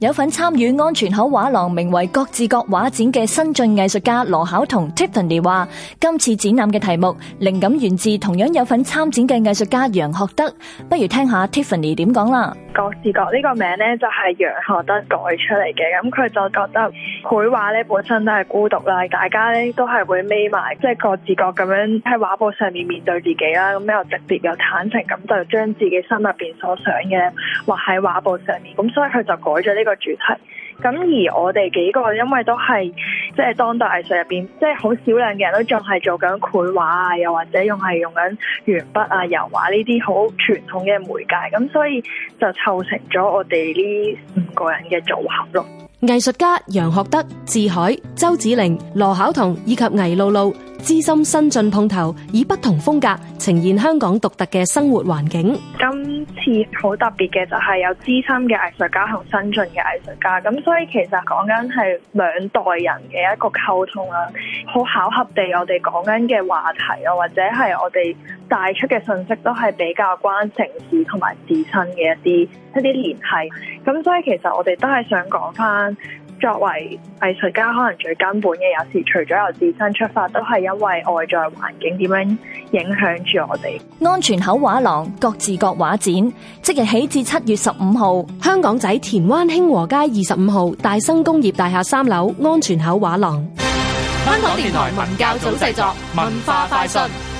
有份參與安全口畫廊名為《各自各畫展》嘅新晉藝術家羅巧彤 Tiffany 話：今次展覽嘅題目靈感源自同樣有份參展嘅藝術家楊學德，不如聽下 Tiffany 點講啦。《各自各》呢個名呢，就係楊學德改出嚟嘅，咁佢就覺得繪畫呢本身都係孤獨啦，大家呢都係會眯埋，即係各自各咁樣喺畫布上面面對自己啦，咁又特別又坦誠，咁就將自己心入邊所想嘅畫喺畫布上面，咁所以佢就改咗呢個主題，咁而我哋幾個因為都係即係當代藝術入邊，即係好少量嘅人都仲係做緊繪畫啊，又或者用係用緊鉛筆啊、油畫呢啲好傳統嘅媒介，咁所以就湊成咗我哋呢五個人嘅組合咯。藝術家楊學德、智海、周子玲、羅巧彤以及魏露露。資深新晉碰頭，以不同風格呈現香港獨特嘅生活環境。今次好特別嘅就係有資深嘅藝術家同新晉嘅藝術家，咁所以其實講緊係兩代人嘅一個溝通啦。好巧合地，我哋講緊嘅話題啊，或者係我哋帶出嘅信息都係比較關城市同埋自身嘅一啲一啲聯繫。咁所以其實我哋都係想講返。作為藝術家，可能最根本嘅，了有時除咗由自身出發，都係因為外在環境點樣影響住我哋。安全口畫廊，各自各畫展，即日起至七月十五號，香港仔田灣興和街二十五號大生工業大廈三樓，安全口畫廊。香港電台文教組製作，文化快訊。